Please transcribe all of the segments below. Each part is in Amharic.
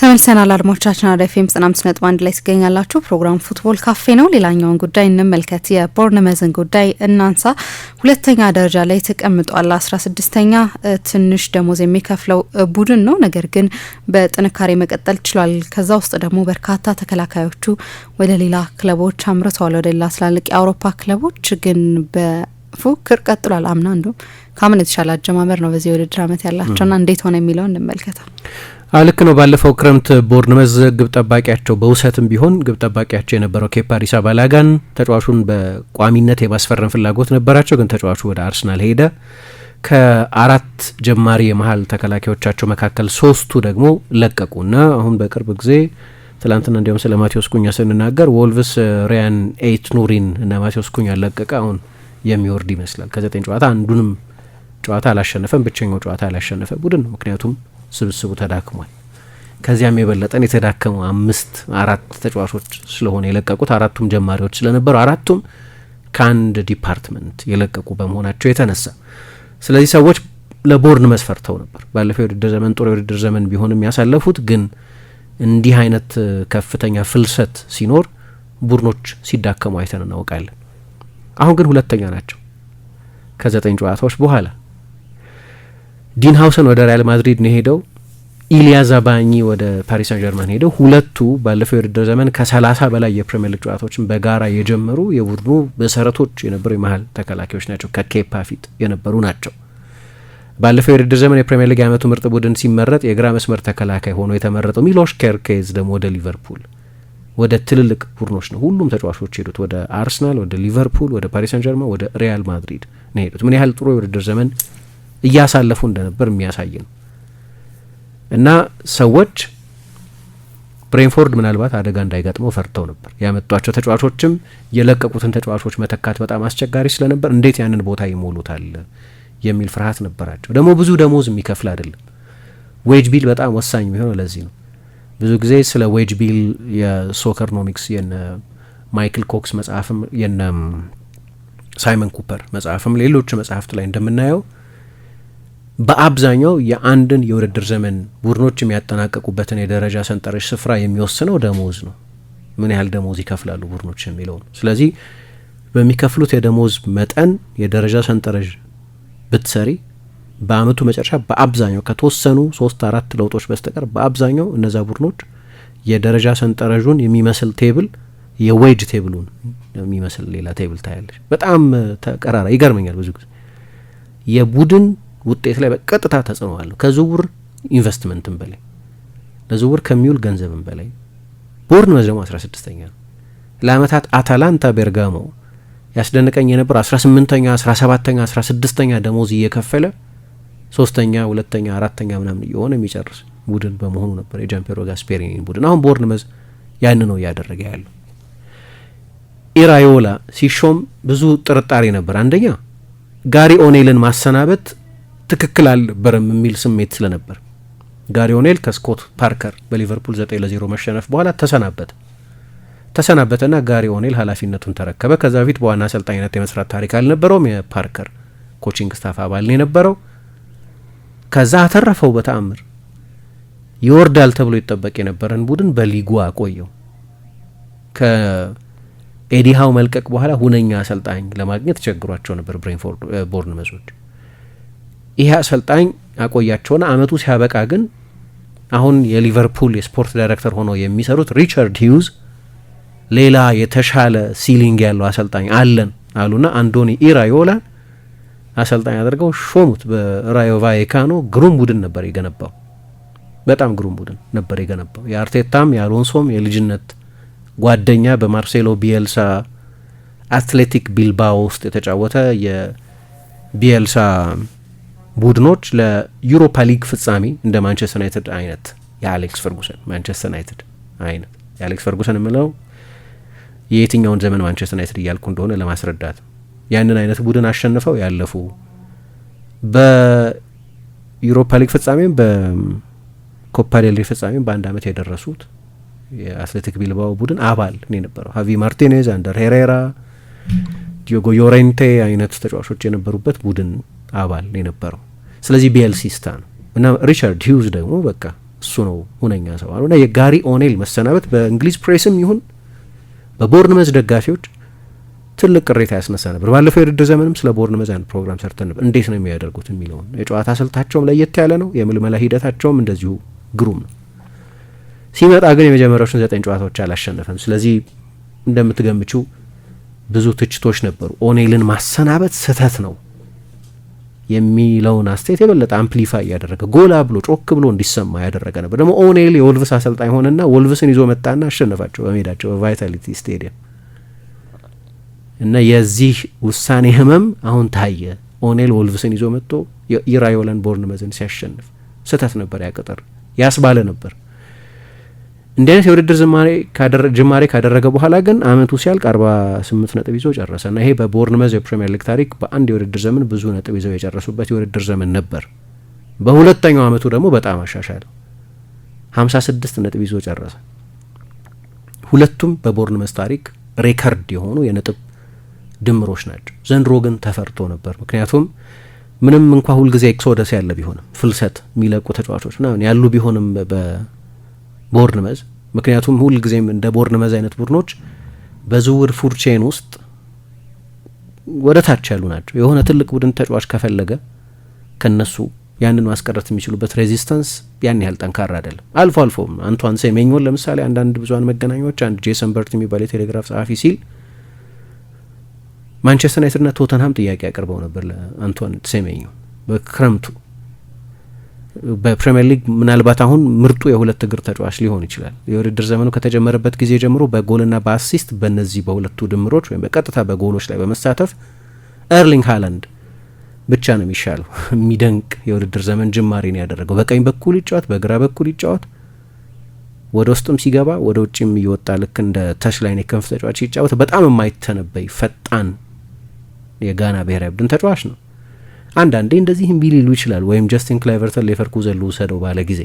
ተመልሰናል አድማጮቻችን፣ አራዳ ኤፍ ኤም ዘጠና አምስት ነጥብ አንድ ላይ ትገኛላችሁ። ፕሮግራም ፉትቦል ካፌ ነው። ሌላኛውን ጉዳይ እንመልከት። የቦርንመዝን ጉዳይ እናንሳ። ሁለተኛ ደረጃ ላይ ተቀምጧል። አስራ ስድስተኛ ትንሽ ደሞዝ የሚከፍለው ቡድን ነው። ነገር ግን በጥንካሬ መቀጠል ችሏል። ከዛ ውስጥ ደግሞ በርካታ ተከላካዮቹ ወደ ሌላ ክለቦች አምርተዋል። ወደ ሌላ ትላልቅ የአውሮፓ ክለቦች ግን በፉክክር ቀጥሏል። አምና እንዲሁም ከምን የተሻለ አጀማመር ነው በዚህ የውድድር ዓመት ያላቸውና እንዴት ሆነ የሚለው እንመልከታል። ልክ ነው። ባለፈው ክረምት ቦርንመዝ ግብ ጠባቂያቸው በውሰትም ቢሆን ግብ ጠባቂያቸው የነበረው ኬፓ አሪዛባላጋን ተጫዋቹን በቋሚነት የማስፈረም ፍላጎት ነበራቸው፣ ግን ተጫዋቹ ወደ አርሰናል ሄደ። ከአራት ጀማሪ የመሀል ተከላካዮቻቸው መካከል ሶስቱ ደግሞ ለቀቁና አሁን በቅርብ ጊዜ ትላንትና እንዲሁም ስለ ማቴዎስ ኩኛ ስንናገር ወልቭስ ሪያን ኤት ኑሪን እና ማቴዎስ ኩኛ ለቀቀ። አሁን የሚወርድ ይመስላል። ከዘጠኝ ጨዋታ አንዱንም ጨዋታ አላሸነፈም። ብቸኛው ጨዋታ አላሸነፈ ቡድን ነው። ምክንያቱም ስብስቡ ተዳክሟል። ከዚያም የበለጠን የተዳከሙ አምስት አራት ተጫዋቾች ስለሆነ የለቀቁት አራቱም ጀማሪዎች ስለነበሩ አራቱም ከአንድ ዲፓርትመንት የለቀቁ በመሆናቸው የተነሳ ስለዚህ ሰዎች ለቦርን መስፈርተው ነበር። ባለፈው የውድድር ዘመን ጥሩ የውድድር ዘመን ቢሆንም ያሳለፉት ግን እንዲህ አይነት ከፍተኛ ፍልሰት ሲኖር ቡድኖች ሲዳከሙ አይተን እናውቃለን። አሁን ግን ሁለተኛ ናቸው ከዘጠኝ ጨዋታዎች በኋላ ዲን ሀውሰን ወደ ሪያል ማድሪድ ነው ሄደው ኢሊያ ዛባኚ ወደ ፓሪስ ሳን ጀርማን ሄደው ሁለቱ ባለፈው የውድድር ዘመን ከሰላሳ በላይ የፕሪሚየር ሊግ ጨዋታዎችን በጋራ የጀመሩ የቡድኑ መሰረቶች የነበሩ የመሀል ተከላካዮች ናቸው። ከኬፓ ፊት የነበሩ ናቸው። ባለፈው የውድድር ዘመን የፕሪሚየር ሊግ የአመቱ ምርጥ ቡድን ሲመረጥ የግራ መስመር ተከላካይ ሆኖ የተመረጠው ሚሎሽ ኬርኬዝ ደግሞ ወደ ሊቨርፑል ወደ ትልልቅ ቡድኖች ነው ሁሉም ተጫዋቾች ሄዱት። ወደ አርሰናል፣ ወደ ሊቨርፑል፣ ወደ ፓሪስ ሳን ጀርማን፣ ወደ ሪያል ማድሪድ ነው ሄዱት። ምን ያህል ጥሩ የውድድር ዘመን እያሳለፉ እንደነበር የሚያሳይ ነው እና ሰዎች ብሬንፎርድ ምናልባት አደጋ እንዳይገጥመው ፈርተው ነበር። ያመጧቸው ተጫዋቾችም የለቀቁትን ተጫዋቾች መተካት በጣም አስቸጋሪ ስለነበር እንዴት ያንን ቦታ ይሞሉታል የሚል ፍርሃት ነበራቸው። ደግሞ ብዙ ደሞዝ የሚከፍል አይደለም። ዌጅ ቢል በጣም ወሳኝ የሚሆነው ለዚህ ነው። ብዙ ጊዜ ስለ ዌጅ ቢል ኖሚክስ የነ ማይክል ኮክስ መጽሐፍም የነ ሳይመን ኩፐር መጽሐፍም ሌሎች መጽሐፍት ላይ እንደምናየው በአብዛኛው የአንድን የውድድር ዘመን ቡድኖች የሚያጠናቀቁበትን የደረጃ ሰንጠረዥ ስፍራ የሚወስነው ደሞዝ ነው። ምን ያህል ደሞዝ ይከፍላሉ ቡድኖች የሚለው ነው። ስለዚህ በሚከፍሉት የደሞዝ መጠን የደረጃ ሰንጠረዥ ብትሰሪ በአመቱ መጨረሻ በአብዛኛው ከተወሰኑ ሶስት አራት ለውጦች በስተቀር በአብዛኛው እነዛ ቡድኖች የደረጃ ሰንጠረዡን የሚመስል ቴብል የዌጅ ቴብሉን የሚመስል ሌላ ቴብል ታያለች። በጣም ተቀራራ ይገርመኛል። ብዙ ጊዜ የቡድን ውጤት ላይ በቀጥታ ተጽዕኖ አለው። ከዝውውር ኢንቨስትመንትም በላይ ለዝውውር ከሚውል ገንዘብም በላይ ቦርንማውዝ ደግሞ አስራ ስድስተኛ ነው። ለአመታት አታላንታ ቤርጋሞ ያስደንቀኝ የነበር አስራ ስምንተኛ አስራ ሰባተኛ አስራ ስድስተኛ ደሞዝ እየከፈለ ሶስተኛ፣ ሁለተኛ፣ አራተኛ ምናምን እየሆነ የሚጨርስ ቡድን በመሆኑ ነበር የጃምፔሮ ጋስፔሪኒን ቡድን። አሁን መዝ ያን ነው እያደረገ ያለው። ኢራዮላ ሲሾም ብዙ ጥርጣሬ ነበር። አንደኛ ጋሪ ኦኔልን ማሰናበት ትክክል አልነበረም የሚል ስሜት ስለነበር ጋሪ ኦኔል ከስኮት ፓርከር በሊቨርፑል 9 ለ0 መሸነፍ በኋላ ተሰናበተ። ተሰናበተና ጋሪ ኦኔል ኃላፊነቱን ተረከበ። ከዛ በፊት በዋና አሰልጣኝነት የመስራት ታሪክ አልነበረውም። የፓርከር ኮቺንግ ስታፍ አባል ነው የነበረው። ከዛ አተረፈው በተአምር። ይወርዳል ተብሎ ይጠበቅ የነበረን ቡድን በሊጉ አቆየው። ከኤዲሃው መልቀቅ በኋላ ሁነኛ አሰልጣኝ ለማግኘት ቸግሯቸው ነበር ብሬንፎርድ ቦርንመዞች ይሄ አሰልጣኝ አቆያቸውና አመቱ ሲያበቃ ግን አሁን የሊቨርፑል የስፖርት ዳይሬክተር ሆነው የሚሰሩት ሪቻርድ ሂውዝ ሌላ የተሻለ ሲሊንግ ያለው አሰልጣኝ አለን አሉና አንዶኒ ኢራዮላ አሰልጣኝ አድርገው ሾሙት። በራዮ ቫይካኖ ግሩም ቡድን ነበር የገነባው። በጣም ግሩም ቡድን ነበር የገነባው። የአርቴታም የአሎንሶም የልጅነት ጓደኛ በማርሴሎ ቢየልሳ አትሌቲክ ቢልባኦ ውስጥ የተጫወተ የቢየልሳ ቡድኖች ለዩሮፓ ሊግ ፍጻሜ እንደ ማንቸስተር ዩናይትድ አይነት የአሌክስ ፈርጉሰን ማንቸስተር ዩናይትድ አይነት የአሌክስ ፈርጉሰን የምለው የየትኛውን ዘመን ማንቸስተር ዩናይትድ እያልኩ እንደሆነ ለማስረዳት ያንን አይነት ቡድን አሸንፈው ያለፉ በዩሮፓ ሊግ ፍጻሜም በኮፓ ዴል ሬይ ፍጻሜም በአንድ አመት የደረሱት የአትሌቲክ ቢልባው ቡድን አባል ነው የነበረው። ሀቪ ማርቲኔዝ፣ አንደር ሄሬራ፣ ዲዮጎ ዮሬንቴ አይነት ተጫዋቾች የነበሩበት ቡድን አባል የነበረው። ስለዚህ ቤልሲስታ ነው እና ሪቻርድ ሂውዝ ደግሞ በቃ እሱ ነው ሁነኛ ሰው አሉ እና የጋሪ ኦኔል መሰናበት በእንግሊዝ ፕሬስም ይሁን በቦርንመዝ ደጋፊዎች ትልቅ ቅሬታ ያስነሳ ነበር። ባለፈው የውድድር ዘመንም ስለ ቦርንመዝ አንድ ፕሮግራም ሰርተን ነበር፣ እንዴት ነው የሚያደርጉት የሚለውን። የጨዋታ ስልታቸውም ለየት ያለ ነው፣ የምልመላ ሂደታቸውም እንደዚሁ ግሩም ነው። ሲመጣ ግን የመጀመሪያዎቹን ዘጠኝ ጨዋታዎች አላሸነፈም። ስለዚህ እንደምትገምችው ብዙ ትችቶች ነበሩ። ኦኔልን ማሰናበት ስህተት ነው የሚለውን አስተያየት የበለጠ አምፕሊፋይ እያደረገ ጎላ ብሎ ጮክ ብሎ እንዲሰማ ያደረገ ነበር። ደግሞ ኦኔል የወልቭስ አሰልጣኝ ሆነና ወልቭስን ይዞ መጣና አሸነፋቸው በሜዳቸው በቫይታሊቲ ስቴዲየም እና የዚህ ውሳኔ ህመም አሁን ታየ። ኦኔል ወልቭስን ይዞ መጥቶ ቦርን ቦርንመዝን ሲያሸንፍ ስህተት ነበር፣ ያቅጥር ያስባለ ነበር። እንዲህ አይነት የውድድር ጅማሬ ካደረገ በኋላ ግን አመቱ ሲያልቅ 48 ነጥብ ይዞ ጨረሰ እና ይሄ በቦርንመዝ የፕሪምየር ሊግ ታሪክ በአንድ የውድድር ዘመን ብዙ ነጥብ ይዘው የጨረሱበት የውድድር ዘመን ነበር። በሁለተኛው አመቱ ደግሞ በጣም አሻሻለ፣ 56 ነጥብ ይዞ ጨረሰ። ሁለቱም በቦርንመዝ ታሪክ ሬከርድ የሆኑ የነጥብ ድምሮች ናቸው። ዘንድሮ ግን ተፈርቶ ነበር ምክንያቱም ምንም እንኳ ሁልጊዜ ኤክሶደስ ያለ ቢሆንም ፍልሰት የሚለቁ ተጫዋቾች ምናምን ያሉ ቢሆንም ቦርንመዝ ምክንያቱም ሁልጊዜም እንደ ቦርንመዝ አይነት ቡድኖች በዝውውር ፉድ ቼን ውስጥ ወደ ታች ያሉ ናቸው። የሆነ ትልቅ ቡድን ተጫዋች ከፈለገ ከነሱ ያንን ማስቀረት የሚችሉበት ሬዚስተንስ ያን ያህል ጠንካራ አይደለም። አልፎ አልፎም አንቷን ሴሜኞን ለምሳሌ አንዳንድ ብዙሀን መገናኛዎች አንድ ጄሰን በርት የሚባል የቴሌግራፍ ጸሐፊ ሲል ማንቸስተር ዩናይትድና ቶተንሃም ጥያቄ አቅርበው ነበር ለአንቷን ሴሜኞ በክረምቱ በፕሪምየር ሊግ ምናልባት አሁን ምርጡ የሁለት እግር ተጫዋች ሊሆን ይችላል። የውድድር ዘመኑ ከተጀመረበት ጊዜ ጀምሮ በጎልና በአሲስት በእነዚህ በሁለቱ ድምሮች ወይም በቀጥታ በጎሎች ላይ በመሳተፍ ኤርሊንግ ሃላንድ ብቻ ነው የሚሻለው። የሚደንቅ የውድድር ዘመን ጅማሬ ነው ያደረገው። በቀኝ በኩል ይጫወት፣ በግራ በኩል ይጫወት፣ ወደ ውስጥም ሲገባ ወደ ውጭም እየወጣ ልክ እንደ ተሽላይን የክንፍ ተጫዋች ይጫወት። በጣም የማይተነበይ ፈጣን የጋና ብሔራዊ ቡድን ተጫዋች ነው። አንዳንዴ እንደዚህም ቢሊሉ ሊሉ ይችላል። ወይም ጀስቲን ክላይቨርተን ሌቨርኩዘን ልውሰደው ባለ ጊዜ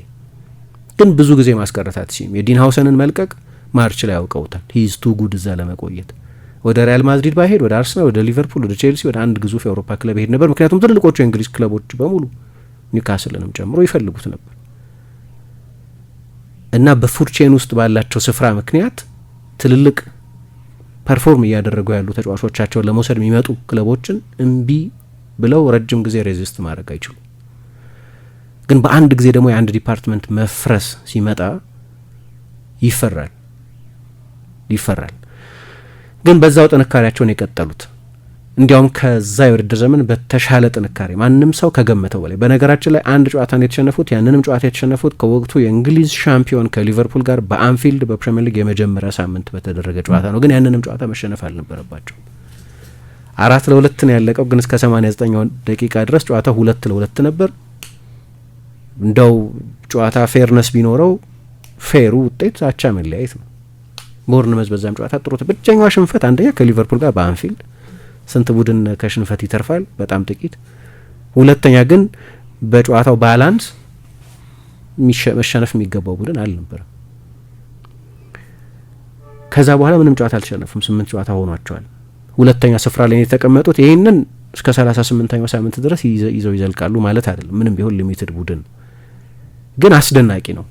ግን ብዙ ጊዜ ማስቀረት አትችም። የዲን ሀውሰንን መልቀቅ ማርች ላይ ያውቀውታል። ሂዝ ቱ ጉድ እዛ ለመቆየት ወደ ሪያል ማድሪድ ባይሄድ ወደ አርሰናል፣ ወደ ሊቨርፑል፣ ወደ ቼልሲ፣ ወደ አንድ ግዙፍ የአውሮፓ ክለብ ይሄድ ነበር። ምክንያቱም ትልልቆቹ የእንግሊዝ ክለቦች በሙሉ ኒውካስልንም ጨምሮ ይፈልጉት ነበር እና በፉርቼን ውስጥ ባላቸው ስፍራ ምክንያት ትልልቅ ፐርፎርም እያደረጉ ያሉ ተጫዋቾቻቸውን ለመውሰድ የሚመጡ ክለቦችን እምቢ ብለው ረጅም ጊዜ ሬዚስት ማድረግ አይችሉም። ግን በአንድ ጊዜ ደግሞ የአንድ ዲፓርትመንት መፍረስ ሲመጣ ይፈራል ይፈራል። ግን በዛው ጥንካሬያቸውን የቀጠሉት እንዲያውም ከዛ የውድድር ዘመን በተሻለ ጥንካሬ ማንም ሰው ከገመተው በላይ። በነገራችን ላይ አንድ ጨዋታን የተሸነፉት ያንንም ጨዋታ የተሸነፉት ከወቅቱ የእንግሊዝ ሻምፒዮን ከሊቨርፑል ጋር በአንፊልድ በፕሪምየር ሊግ የመጀመሪያ ሳምንት በተደረገ ጨዋታ ነው። ግን ያንንም ጨዋታ መሸነፍ አልነበረባቸው። አራት ለሁለት ነው ያለቀው፣ ግን እስከ 89 ደቂቃ ድረስ ጨዋታ ሁለት ለሁለት ነበር። እንደው ጨዋታ ፌርነስ ቢኖረው ፌሩ ውጤት አቻ መለያየት ነው። ቦርንመዝ በዛም ጨዋታ ጥሩት። ብቸኛዋ ሽንፈት አንደኛ ከሊቨርፑል ጋር በአንፊልድ ስንት ቡድን ከሽንፈት ይተርፋል? በጣም ጥቂት። ሁለተኛ ግን በጨዋታው ባላንስ መሸነፍ የሚገባው ቡድን አልነበረም። ከዛ በኋላ ምንም ጨዋታ አልተሸነፉም። ስምንት ጨዋታ ሆኗቸዋል። ሁለተኛ ስፍራ ላይ የተቀመጡት ይህንን እስከ ሰላሳ ስምንተኛው ሳምንት ድረስ ይዘው ይዘልቃሉ ማለት አይደለም። ምንም ቢሆን ሊሚትድ ቡድን ግን አስደናቂ ነው።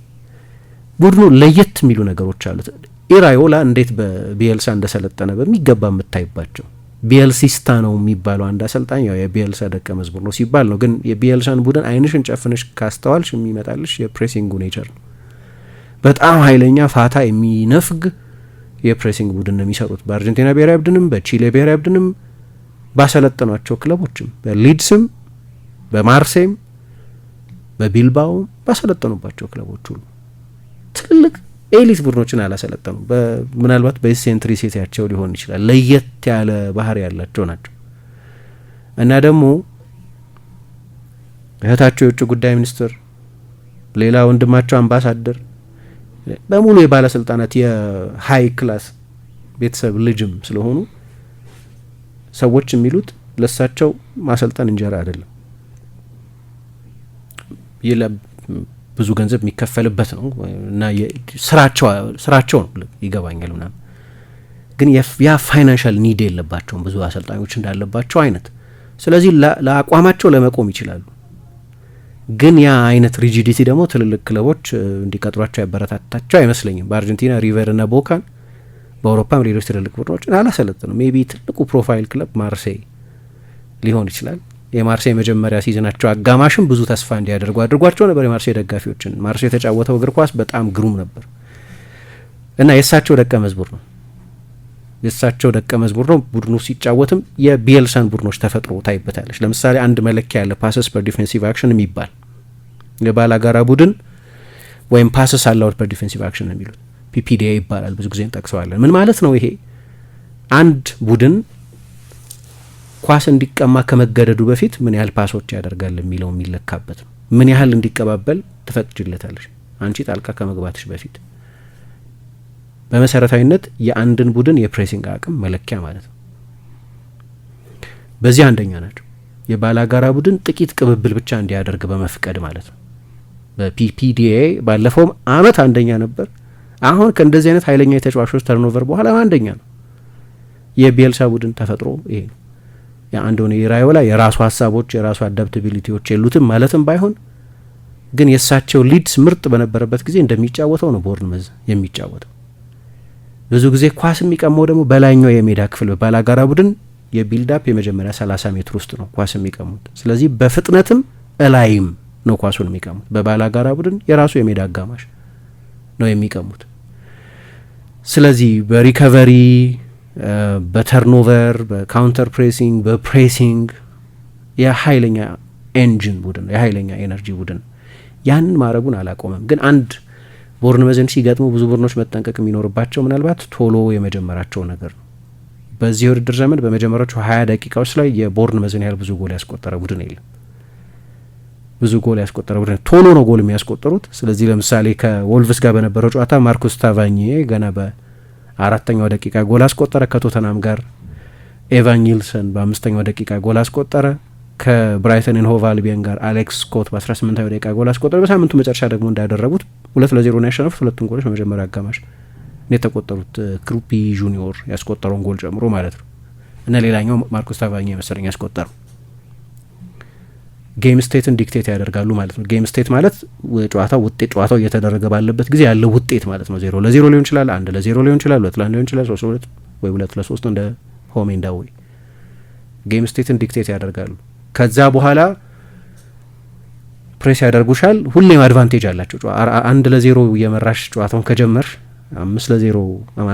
ቡድኑ ለየት የሚሉ ነገሮች አሉት። ኢራዮላ እንዴት በቢኤልሳ እንደሰለጠነ በሚገባ የምታይባቸው ቢኤልሲስታ ነው የሚባለው አንድ አሰልጣኝ ያው የቢኤልሳ ደቀ መዝሙር ነው ሲባል ነው። ግን የቢኤልሳን ቡድን አይንሽን ጨፍንሽ ካስተዋልሽ የሚመጣልሽ የፕሬሲንጉ ኔቸር ነው። በጣም ኃይለኛ ፋታ የሚነፍግ የፕሬሲንግ ቡድን ነው የሚሰሩት። በአርጀንቲና ብሔራዊ ቡድንም በቺሌ ብሔራዊ ቡድንም ባሰለጠኗቸው ክለቦችም በሊድስም በማርሴም በቢልባው ባሰለጠኑባቸው ክለቦች ሁሉ ትልልቅ ኤሊት ቡድኖችን አላሰለጠኑ። ምናልባት ሴቲያቸው ሊሆን ይችላል ለየት ያለ ባህሪ ያላቸው ናቸው እና ደግሞ እህታቸው የውጭ ጉዳይ ሚኒስትር፣ ሌላ ወንድማቸው አምባሳደር በሙሉ የባለስልጣናት የሀይ ክላስ ቤተሰብ ልጅም ስለሆኑ ሰዎች የሚሉት ለሳቸው ማሰልጠን እንጀራ አይደለም፣ ይለ ብዙ ገንዘብ የሚከፈልበት ነው እና ስራቸው ነው ይገባኛል ምናምን። ግን ያ ፋይናንሻል ኒድ የለባቸውም ብዙ አሰልጣኞች እንዳለባቸው አይነት። ስለዚህ ለአቋማቸው ለመቆም ይችላሉ። ግን ያ አይነት ሪጂዲቲ ደግሞ ትልልቅ ክለቦች እንዲቀጥሯቸው ያበረታታቸው አይመስለኝም። በአርጀንቲና ሪቨርና ቦካን በአውሮፓም ሌሎች ትልልቅ ቡድኖችን አላሰለጥንም ሜቢ ትልቁ ፕሮፋይል ክለብ ማርሴይ ሊሆን ይችላል። የማርሴይ መጀመሪያ ሲዝናቸው አጋማሽም ብዙ ተስፋ እንዲያደርጉ አድርጓቸው ነበር የማርሴይ ደጋፊዎችን። ማርሴይ የተጫወተው እግር ኳስ በጣም ግሩም ነበር እና የእሳቸው ደቀ መዝሙር ነው። የእሳቸው ደቀ መዝሙር ነው። ቡድኑ ሲጫወትም የቢየልሳን ቡድኖች ተፈጥሮ ታይበታለች። ለምሳሌ አንድ መለኪያ ያለ ፓሰስ ፐር ዲፌንሲቭ አክሽን የሚባል የባላጋራ ቡድን ወይም ፓሰስ አላውድ ፐር ዲፌንሲቭ አክሽን ነው የሚሉት ፒፒዲኤ ይባላል። ብዙ ጊዜ እንጠቅሰዋለን። ምን ማለት ነው ይሄ? አንድ ቡድን ኳስ እንዲቀማ ከመገደዱ በፊት ምን ያህል ፓሶች ያደርጋል የሚለው የሚለካበት ነው። ምን ያህል እንዲቀባበል ትፈቅጅለታለች አንቺ ጣልቃ ከመግባትሽ በፊት በመሰረታዊነት የአንድን ቡድን የፕሬሲንግ አቅም መለኪያ ማለት ነው። በዚህ አንደኛ ናቸው። የባላጋራ ቡድን ጥቂት ቅብብል ብቻ እንዲያደርግ በመፍቀድ ማለት ነው። በፒፒዲኤ ባለፈውም አመት አንደኛ ነበር። አሁን ከእንደዚህ አይነት ኃይለኛ የተጫዋቾች ተርኖቨር በኋላ አንደኛ ነው። የቤልሳ ቡድን ተፈጥሮ ይሄ ነው። የአንድ ሆነ የራዮላ የራሱ ሀሳቦች የራሱ አዳፕታቢሊቲዎች የሉትም ማለትም ባይሆን ግን የእሳቸው ሊድስ ምርጥ በነበረበት ጊዜ እንደሚጫወተው ነው ቦርን መዝ የሚጫወተው ብዙ ጊዜ ኳስ የሚቀመው ደግሞ በላይኛው የሜዳ ክፍል ባላጋራ ቡድን የቢልዳፕ የመጀመሪያ 30 ሜትር ውስጥ ነው ኳስ የሚቀሙት። ስለዚህ በፍጥነትም እላይም ነው ኳሱን የሚቀሙት። በባላጋራ ቡድን የራሱ የሜዳ አጋማሽ ነው የሚቀሙት። ስለዚህ በሪከቨሪ በተርኖቨር በካውንተር ፕሬሲንግ በፕሬሲንግ የኃይለኛ ኤንጂን ቡድን የሀይለኛ ኤነርጂ ቡድን ያንን ማድረጉን አላቆመም ግን አንድ ቦርንመዝን ሲገጥሙ ብዙ ቡድኖች መጠንቀቅ የሚኖርባቸው ምናልባት ቶሎ የመጀመራቸው ነገር ነው። በዚህ ውድድር ዘመን በመጀመሪያዎቹ ሀያ ደቂቃዎች ላይ የቦርንመዝን ያህል ብዙ ጎል ያስቆጠረ ቡድን የለም። ብዙ ጎል ያስቆጠረ ቡድን ቶሎ ነው ጎል የሚያስቆጠሩት። ስለዚህ ለምሳሌ ከወልቭስ ጋር በነበረው ጨዋታ ማርኩስ ታቫኜ ገና በአራተኛው ደቂቃ ጎል አስቆጠረ። ከቶተናም ጋር ኤቫን ኒልሰን በአምስተኛው ደቂቃ ጎል አስቆጠረ። ከብራይተን ኤንሆቭ አልቢየን ጋር አሌክስ ስኮት በ18ኛው ደቂቃ ጎል አስቆጠረ። በሳምንቱ መጨረሻ ደግሞ እንዳደረጉት ሁለት ለዜሮ ነው ያሸነፉት። ሁለቱን ጎሎች በመጀመሪያ አጋማሽ ነው የተቆጠሩት ክሩፒ ጁኒዮር ያስቆጠረውን ጎል ጨምሮ ማለት ነው እና ሌላኛው ማርኮስ ታቫኛ መሰለኝ ያስቆጠረው ጌም ስቴትን ዲክቴት ያደርጋሉ ማለት ነው። ጌም ስቴት ማለት ጨዋታው ውጤት ጨዋታው እየተደረገ ባለበት ጊዜ ያለው ውጤት ማለት ነው። ዜሮ ለዜሮ ሊሆን ይችላል፣ አንድ ለዜሮ ሊሆን ይችላል፣ ሁለት ለአንድ ሊሆን ይችላል፣ ሶስት ሁለት ወይ ሁለት ለሶስት እንደ ሆሜ እንዳወይ ጌም ስቴትን ዲክቴት ያደርጋሉ። ከዛ በኋላ ፕሬስ ያደርጉሻል። ሁሌም አድቫንቴጅ አላቸው። አንድ ለዜሮ የመራሽ ጨዋታውን ከጀመር አምስት ለዜሮ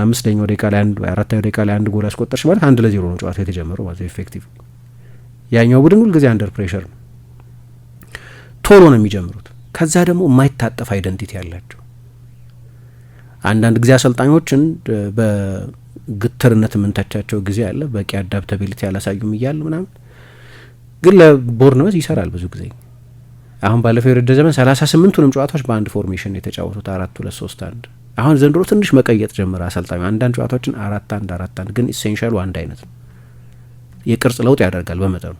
አምስተኛው ደቂቃ ላይ አንድ አራተኛው ደቂቃ ላይ አንድ ጎል ያስቆጠርሽ ማለት አንድ ለዜሮ ነው ጨዋታው የተጀመረው ማለት ኤፌክቲቭ። ያኛው ቡድን ሁልጊዜ አንደር ፕሬሽር ነው፣ ቶሎ ነው የሚጀምሩት። ከዛ ደግሞ የማይታጠፍ አይደንቲቲ አላቸው። አንዳንድ ጊዜ አሰልጣኞችን በግትርነት የምንተቻቸው ጊዜ አለ። በቂ አዳፕታቢሊቲ አላሳዩም እያል ምናምን ግን ለቦርንመዝ ይሰራል ብዙ ጊዜ አሁን ባለፈው የውድድር ዘመን ሰላሳ ስምንቱንም ጨዋታዎች በአንድ ፎርሜሽን የተጫወቱት አራት ሁለት ሶስት አንድ። አሁን ዘንድሮ ትንሽ መቀየጥ ጀምረ አሰልጣኙ። አንዳንድ ጨዋታዎችን አራት አንድ አራት አንድ፣ ግን ኢሴንሻሉ አንድ አይነት ነው። የቅርጽ ለውጥ ያደርጋል በመጠኑ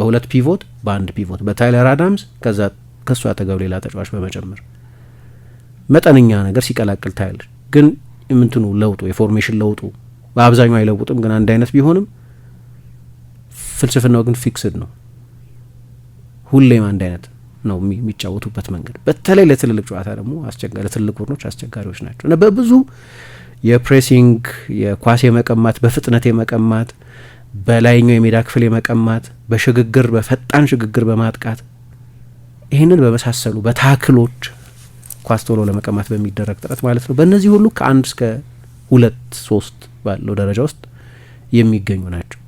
በሁለት ፒቮት በአንድ ፒቮት በታይለር አዳምስ ከዛ ከሱ አጠገብ ሌላ ተጫዋች በመጨመር መጠነኛ ነገር ሲቀላቅል ታያለች። ግን የምንትኑ ለውጡ የፎርሜሽን ለውጡ በአብዛኛው አይለውጥም፣ ግን አንድ አይነት ቢሆንም ፍልስፍናው ግን ፊክስድ ነው። ሁሌም አንድ አይነት ነው የሚጫወቱበት መንገድ በተለይ ለትልልቅ ጨዋታ ደግሞ ለትልልቅ ቡድኖች አስቸጋሪዎች ናቸው እና በብዙ የፕሬሲንግ የኳስ የመቀማት በፍጥነት የመቀማት በላይኛው የሜዳ ክፍል የመቀማት በሽግግር በፈጣን ሽግግር በማጥቃት ይህንን በመሳሰሉ በታክሎች ኳስ ቶሎ ለመቀማት በሚደረግ ጥረት ማለት ነው። በእነዚህ ሁሉ ከአንድ እስከ ሁለት ሶስት ባለው ደረጃ ውስጥ የሚገኙ ናቸው።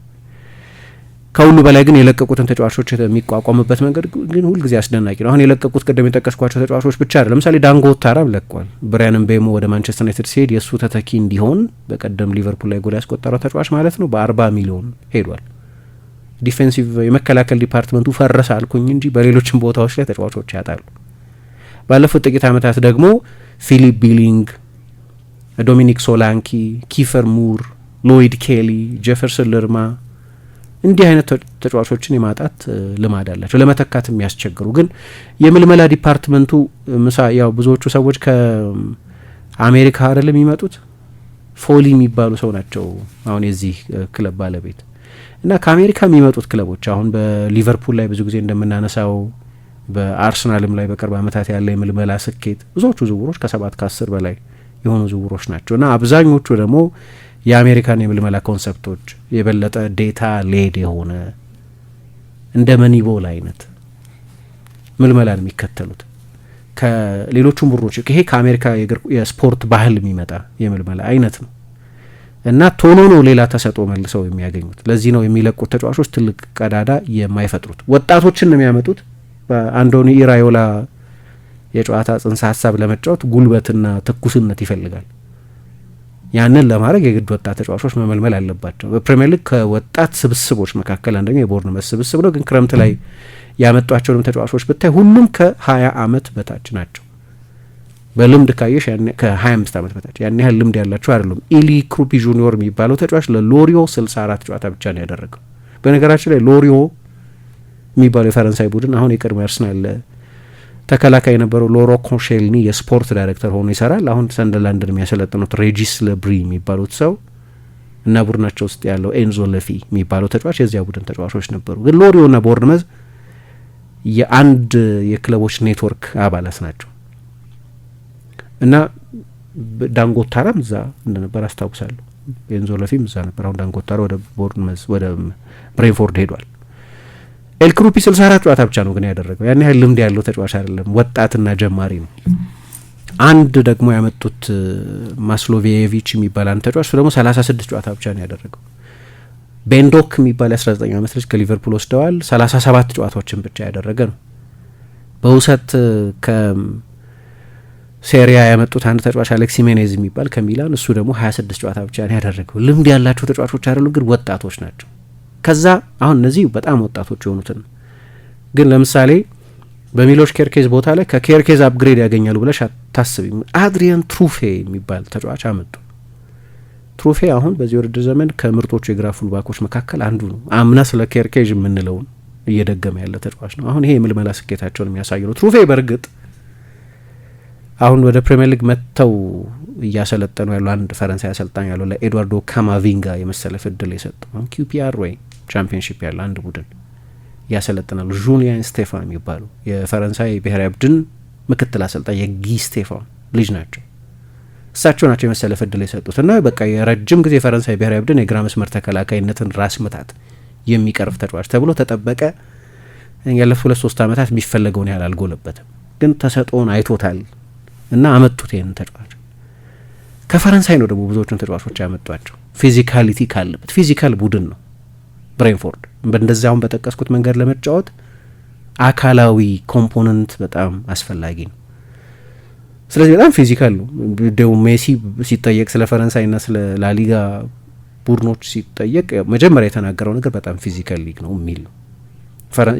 ከሁሉ በላይ ግን የለቀቁትን ተጫዋቾች የሚቋቋምበት መንገድ ግን ሁልጊዜ አስደናቂ ነው። አሁን የለቀቁት ቅድም የጠቀስኳቸው ተጫዋቾች ብቻ አይደለም። ለምሳሌ ዳንጎ ታራም ለቋል። ብሪያን ቤሞ ወደ ማንቸስተር ዩናይትድ ሲሄድ የእሱ ተተኪ እንዲሆን በቀደም ሊቨርፑል ላይ ጎል ያስቆጠረው ተጫዋች ማለት ነው በአርባ ሚሊዮን ሄዷል። ዲፌንሲቭ የመከላከል ዲፓርትመንቱ ፈረሰ አልኩኝ እንጂ በሌሎችም ቦታዎች ላይ ተጫዋቾች ያጣሉ። ባለፉት ጥቂት ዓመታት ደግሞ ፊሊፕ ቢሊንግ፣ ዶሚኒክ ሶላንኪ፣ ኪፈር ሙር፣ ሎይድ ኬሊ፣ ጄፈርሰን ለርማ እንዲህ አይነት ተጫዋቾችን የማጣት ልማድ አላቸው። ለመተካት የሚያስቸግሩ ግን የምልመላ ዲፓርትመንቱ ምሳ ያው ብዙዎቹ ሰዎች ከአሜሪካ አይደለም የሚመጡት ፎሊ የሚባሉ ሰው ናቸው አሁን የዚህ ክለብ ባለቤት እና ከአሜሪካ የሚመጡት ክለቦች አሁን በሊቨርፑል ላይ ብዙ ጊዜ እንደምናነሳው በአርሰናልም ላይ በቅርብ ዓመታት ያለ የምልመላ ስኬት ብዙዎቹ ዝውውሮች ከሰባት ከአስር በላይ የሆኑ ዝውውሮች ናቸው እና አብዛኞቹ ደግሞ የአሜሪካን የምልመላ ኮንሰፕቶች የበለጠ ዴታ ሌድ የሆነ እንደ መኒቦል አይነት ምልመላን የሚከተሉት ከሌሎቹም ቡድኖች ይሄ ከአሜሪካ የስፖርት ባህል የሚመጣ የምልመላ አይነት ነው እና ቶሎ ነው ሌላ ተሰጦ መልሰው የሚያገኙት። ለዚህ ነው የሚለቁት ተጫዋቾች ትልቅ ቀዳዳ የማይፈጥሩት። ወጣቶችን ነው የሚያመጡት። በአንዶኒ ኢራዮላ የጨዋታ ጽንሰ ሀሳብ ለመጫወት ጉልበትና ትኩስነት ይፈልጋል። ያንን ለማድረግ የግድ ወጣት ተጫዋቾች መመልመል አለባቸው። በፕሪሚየር ሊግ ከወጣት ስብስቦች መካከል አንደኛው የቦርንመስ ስብስብ ነው። ግን ክረምት ላይ ያመጧቸውንም ተጫዋቾች ብታይ ሁሉም ከ20 ዓመት በታች ናቸው። በልምድ ካየሽ ከ25 አመት በታች ያን ያህል ልምድ ያላቸው አይደሉም። ኢሊ ክሩፒ ጁኒዮር የሚባለው ተጫዋች ለሎሪዮ አራት ጨዋታ ብቻ ነው ያደረገው። በነገራችን ላይ ሎሪዮ የሚባለው የፈረንሳይ ቡድን አሁን የቀድሞ አርሰናል ተከላካይ የነበረው ሎሮ ኮንሼልኒ የስፖርት ዳይሬክተር ሆኖ ይሰራል። አሁን ሰንደርላንድን የሚያሰለጥኑት ሬጂስ ለብሪ የሚባሉት ሰው እና ቡድናቸው ውስጥ ያለው ኤንዞ ለፊ የሚባለው ተጫዋች የዚያ ቡድን ተጫዋቾች ነበሩ። ግን ና ቦርንመዝ የአንድ የክለቦች ኔትወርክ አባላት ናቸው እና ዳንጎታራም እዛ እንደነበር አስታውሳለሁ። ኤንዞ ለፊም እዛ ነበር። አሁን ዳንጎታራ ወደ ቦርንመዝ ወደ ብሬንፎርድ ሄዷል። ኤልክሩፒ 64 ጨዋታ ብቻ ነው ግን ያደረገው። ያን ያህል ልምድ ያለው ተጫዋች አይደለም፣ ወጣትና ጀማሪ ነው። አንድ ደግሞ ያመጡት ማስሎቬየቪች የሚባል አንድ ተጫዋች ደግሞ 36 ጨዋታ ብቻ ነው ያደረገው። ቤንዶክ የሚባል 19 ዓመት ልጅ ከሊቨርፑል ወስደዋል። 37 ጨዋታዎችን ብቻ ያደረገ ነው። በውሰት ከሴሪያ ያመጡት አንድ ተጫዋች አሌክስ ሜኔዝ የሚባል ከሚላን እሱ ደግሞ 26 ጨዋታ ብቻ ነው ያደረገው። ልምድ ያላቸው ተጫዋቾች አይደሉም፣ ግን ወጣቶች ናቸው። ከዛ አሁን እነዚህ በጣም ወጣቶች የሆኑትን ግን ለምሳሌ በሚሎች ኬርኬዝ ቦታ ላይ ከኬርኬዝ አፕግሬድ ያገኛሉ ብለሽ አታስቢም። አድሪያን ትሩፌ የሚባል ተጫዋች አመጡ። ትሩፌ አሁን በዚህ ውድድር ዘመን ከምርጦቹ የግራ ፉልባኮች መካከል አንዱ ነው። አምና ስለ ኬርኬዥ የምንለውን እየደገመ ያለ ተጫዋች ነው። አሁን ይሄ የምልመላ ስኬታቸውን የሚያሳዩ ነው። ትሩፌ በእርግጥ አሁን ወደ ፕሪምየር ሊግ መጥተው እያሰለጠኑ ያሉ አንድ ፈረንሳይ አሰልጣኝ ያለው ለኤድዋርዶ ካማቪንጋ የመሰለፍ እድል የሰጠ ኪፒአር ወይ ቻምፒዮንሺፕ ያለ አንድ ቡድን ያሰለጥናሉ። ዡሊያን ስቴፋን የሚባሉ የፈረንሳይ ብሔራዊ ቡድን ምክትል አሰልጣኝ የጊ ስቴፋን ልጅ ናቸው። እሳቸው ናቸው የመሰለፍ እድል የሰጡት እና በቃ የረጅም ጊዜ የፈረንሳይ ብሔራዊ ቡድን የግራ መስመር ተከላካይነትን ራስ ምታት የሚቀርፍ ተጫዋች ተብሎ ተጠበቀ። ያለፉት ሁለት ሶስት አመታት የሚፈለገውን ያህል አልጎለበትም፣ ግን ተሰጥኦን አይቶታል እና አመጡት። ይህንን ተጫዋች ከፈረንሳይ ነው ደግሞ ብዙዎቹን ተጫዋቾች ያመጧቸው። ፊዚካሊቲ ካለበት ፊዚካል ቡድን ነው ብሬንፎርድ እንደዚያውም በጠቀስኩት መንገድ ለመጫወት አካላዊ ኮምፖነንት በጣም አስፈላጊ ነው። ስለዚህ በጣም ፊዚካል ነው። ደው ሜሲ ሲጠየቅ ስለ ፈረንሳይና ስለ ላሊጋ ቡድኖች ሲጠየቅ መጀመሪያ የተናገረው ነገር በጣም ፊዚካል ሊግ ነው የሚል ነው።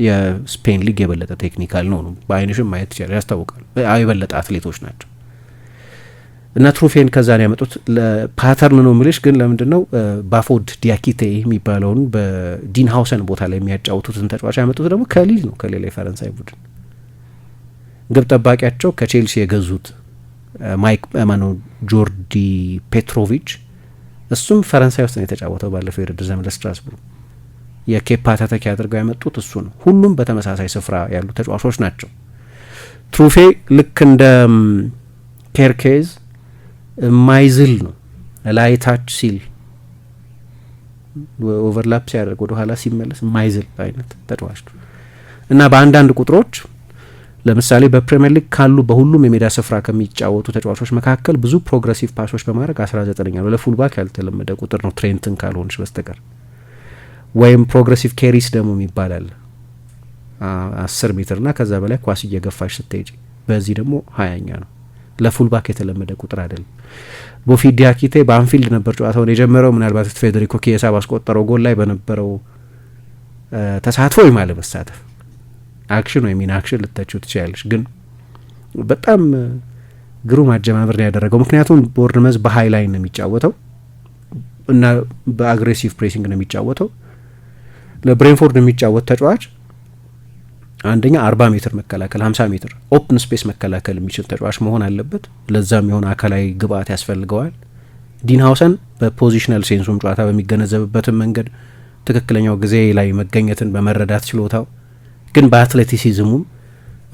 የስፔን ሊግ የበለጠ ቴክኒካል ነው ነው፣ በአይንሽም ማየት ይቻላል፣ ያስታውቃል። የበለጠ አትሌቶች ናቸው። እና ትሩፌን ከዛ ነው ያመጡት። ፓተርን ነው ምልሽ፣ ግን ለምንድን ነው ባፎድ ዲያኪቴ የሚባለውን በዲን ሀውሰን ቦታ ላይ የሚያጫውቱትን ተጫዋች ያመጡት ደግሞ ከሊል ነው፣ ከሌላ የፈረንሳይ ቡድን ግብ ጠባቂያቸው ከቼልሲ የገዙት ማይክ ማኖ ጆርዲ ፔትሮቪች፣ እሱም ፈረንሳይ ውስጥ ነው የተጫወተው ባለፈው የውድድር ዘመን ለስትራስቡር የኬፓ ተተኪ አድርገው ያመጡት እሱ ነው። ሁሉም በተመሳሳይ ስፍራ ያሉ ተጫዋቾች ናቸው። ትሩፌ ልክ እንደ ኬርኬዝ የማይዝል ነው። ላይ ታች ሲል ኦቨርላፕ ሲያደርግ ወደ ኋላ ሲመለስ የማይዝል አይነት ተጫዋች ነው እና በአንዳንድ ቁጥሮች ለምሳሌ በፕሪምየር ሊግ ካሉ በሁሉም የሜዳ ስፍራ ከሚጫወቱ ተጫዋቾች መካከል ብዙ ፕሮግረሲቭ ፓሶች በማድረግ 19 ዘጠነኛ ነው። ለፉልባክ ያልተለመደ ቁጥር ነው ትሬንትን ካልሆንች በስተቀር ወይም ፕሮግረሲቭ ኬሪስ ደግሞ ይባላል። አስር ሜትርና ከዛ በላይ ኳስ እየገፋሽ ስትሄጂ፣ በዚህ ደግሞ ሀያኛ ነው። ለፉልባክ የተለመደ ቁጥር አይደለም። ቦፊ ዲያኪቴ በአንፊልድ ነበር ጨዋታውን የጀመረው። ምናልባት ፌዴሪኮ ኪየሳ ባስቆጠረው ጎል ላይ በነበረው ተሳትፎ ወይም አለመሳተፍ አክሽን ወይም ኢንአክሽን ልተችው ትችላለች። ግን በጣም ግሩም አጀማመር ነው ያደረገው። ምክንያቱም ቦርንመዝ በሀይ ላይን ነው የሚጫወተው እና በአግሬሲቭ ፕሬሲንግ ነው የሚጫወተው ለብሬንፎርድ የሚጫወት ተጫዋች አንደኛ አርባ ሜትር መከላከል፣ ሀምሳ ሜትር ኦፕን ስፔስ መከላከል የሚችል ተጫዋች መሆን አለበት። ለዛም የሆነ አካላዊ ግብአት ያስፈልገዋል። ዲን ሀውሰን በፖዚሽናል ሴንሱም ጨዋታ በሚገነዘብበትም መንገድ ትክክለኛው ጊዜ ላይ መገኘትን በመረዳት ችሎታው ግን በአትሌቲሲዝሙም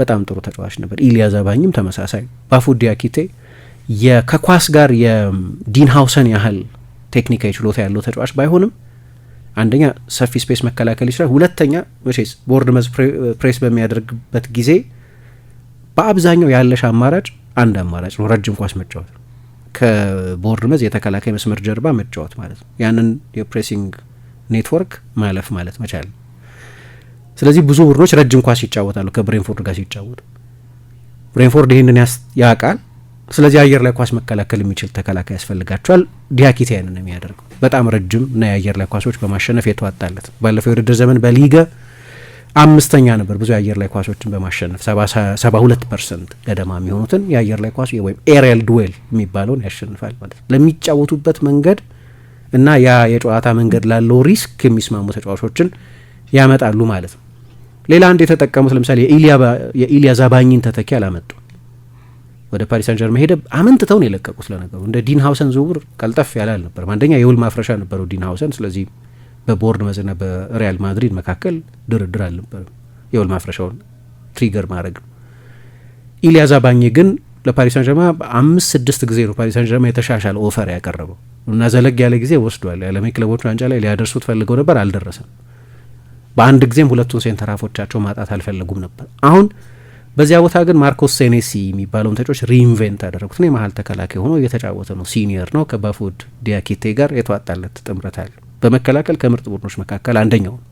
በጣም ጥሩ ተጫዋች ነበር። ኢሊያ ዛባኝም ተመሳሳይ። ባፉዲያ ኪቴ ከኳስ ጋር የዲን ሀውሰን ያህል ቴክኒካዊ ችሎታ ያለው ተጫዋች ባይሆንም አንደኛ ሰፊ ስፔስ መከላከል ይችላል። ሁለተኛ መቼስ ቦርድ መዝ ፕሬስ በሚያደርግበት ጊዜ በአብዛኛው ያለሽ አማራጭ አንድ አማራጭ ነው፣ ረጅም ኳስ መጫወት ከቦርድ መዝ የተከላካይ መስመር ጀርባ መጫወት ማለት ነው። ያንን የፕሬሲንግ ኔትወርክ ማለፍ ማለት መቻል ስለዚህ ብዙ ቡድኖች ረጅም ኳስ ይጫወታሉ ከብሬንፎርድ ጋር ሲጫወቱ ብሬንፎርድ ይህንን ያቃል። ስለዚህ አየር ላይ ኳስ መከላከል የሚችል ተከላካይ ያስፈልጋቸዋል። ዲያኪት ያንን ነው የሚያደርገው። በጣም ረጅም እና የአየር ላይ ኳሶች በማሸነፍ የተዋጣለት ባለፈው የውድድር ዘመን በሊገ አምስተኛ ነበር ብዙ የአየር ላይ ኳሶችን በማሸነፍ ሰባ ሁለት ፐርሰንት ገደማ የሚሆኑትን የአየር ላይ ኳስ ወይም ኤሪያል ዱዌል የሚባለውን ያሸንፋል ማለት ነው። ለሚጫወቱበት መንገድ እና ያ የጨዋታ መንገድ ላለው ሪስክ የሚስማሙ ተጫዋቾችን ያመጣሉ ማለት ነው። ሌላ አንድ የተጠቀሙት ለምሳሌ የኢልያ ዛባኝን ተተኪ አላመጡ ወደ ፓሪስ ሳንጀርማ ሄደ። አመንትተው ነው የለቀቁት። ለነገሩ እንደ ዲን ሀውሰን ዝውውር ቀልጠፍ ያለ አልነበርም። አንደኛ የውል ማፍረሻ ነበረው ዲን ሀውሰን። ስለዚህ በቦርድ መዝና በሪያል ማድሪድ መካከል ድርድር አልነበርም። የውል ማፍረሻውን ትሪገር ማድረግ ነው። ኢሊያ ባኜ ግን ለፓሪስ ሳንጀርማ አምስት ስድስት ጊዜ ነው ፓሪስ ሳንጀርማ የተሻሻለ ኦፈር ያቀረበው እና ዘለግ ያለ ጊዜ ወስዷል። የዓለም ክለቦች ዋንጫ ላይ ሊያደርሱት ፈልገው ነበር፣ አልደረሰም። በአንድ ጊዜም ሁለቱን ሴንተራፎቻቸው ማጣት አልፈለጉም ነበር አሁን በዚያ ቦታ ግን ማርኮስ ሴኔሲ የሚባለውን ተጫዋች ሪኢንቨንት አደረጉት። ነው የመሀል ተከላካይ ሆኖ እየተጫወተ ነው። ሲኒየር ነው። ከባፉድ ዲያኬቴ ጋር የተዋጣለት ጥምረት አለ። በመከላከል ከምርጥ ቡድኖች መካከል አንደኛው ነው።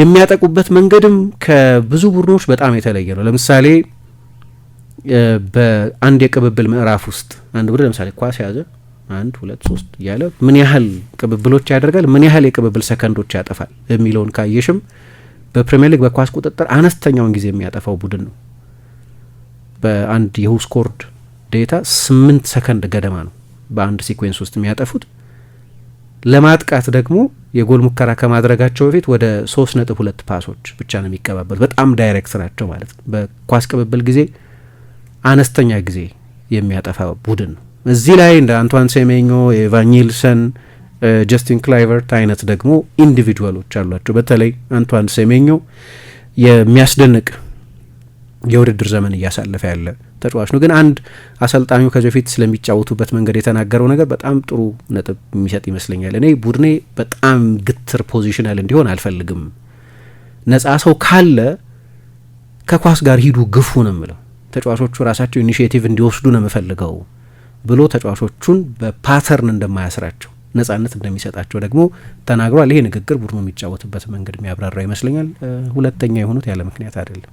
የሚያጠቁበት መንገድም ከብዙ ቡድኖች በጣም የተለየ ነው። ለምሳሌ በአንድ የቅብብል ምዕራፍ ውስጥ አንድ ቡድን ለምሳሌ ኳስ ያዘ አንድ ሁለት ሶስት እያለ ምን ያህል ቅብብሎች ያደርጋል፣ ምን ያህል የቅብብል ሰከንዶች ያጠፋል የሚለውን ካየሽም በፕሪምየር ሊግ በኳስ ቁጥጥር አነስተኛውን ጊዜ የሚያጠፋው ቡድን ነው። በአንድ የሁ ስኮርድ ዴታ ስምንት ሰከንድ ገደማ ነው በአንድ ሲኩዌንስ ውስጥ የሚያጠፉት። ለማጥቃት ደግሞ የጎል ሙከራ ከማድረጋቸው በፊት ወደ ሶስት ነጥብ ሁለት ፓሶች ብቻ ነው የሚቀባበሉ። በጣም ዳይሬክት ናቸው ማለት ነው። በኳስ ቅብብል ጊዜ አነስተኛ ጊዜ የሚያጠፋ ቡድን ነው። እዚህ ላይ እንደ አንቷን ሴሜኞ የቫኒልሰን ጀስቲን ክላይቨርት አይነት ደግሞ ኢንዲቪድዋሎች አሏቸው። በተለይ አንቷን ሴሜኞ የሚያስደንቅ የውድድር ዘመን እያሳለፈ ያለ ተጫዋች ነው። ግን አንድ አሰልጣኙ ከዚህ በፊት ስለሚጫወቱበት መንገድ የተናገረው ነገር በጣም ጥሩ ነጥብ የሚሰጥ ይመስለኛል። እኔ ቡድኔ በጣም ግትር ፖዚሽናል እንዲሆን አልፈልግም። ነጻ ሰው ካለ ከኳስ ጋር ሂዱ፣ ግፉ ነው የምለው። ተጫዋቾቹ ራሳቸው ኢኒሽቲቭ እንዲወስዱ ነው የምፈልገው ብሎ ተጫዋቾቹን በፓተርን እንደማያስራቸው ነጻነት እንደሚሰጣቸው ደግሞ ተናግሯል። ይሄ ንግግር ቡድኑ የሚጫወትበት መንገድ የሚያብራራው ይመስለኛል። ሁለተኛ የሆኑት ያለ ምክንያት አይደለም።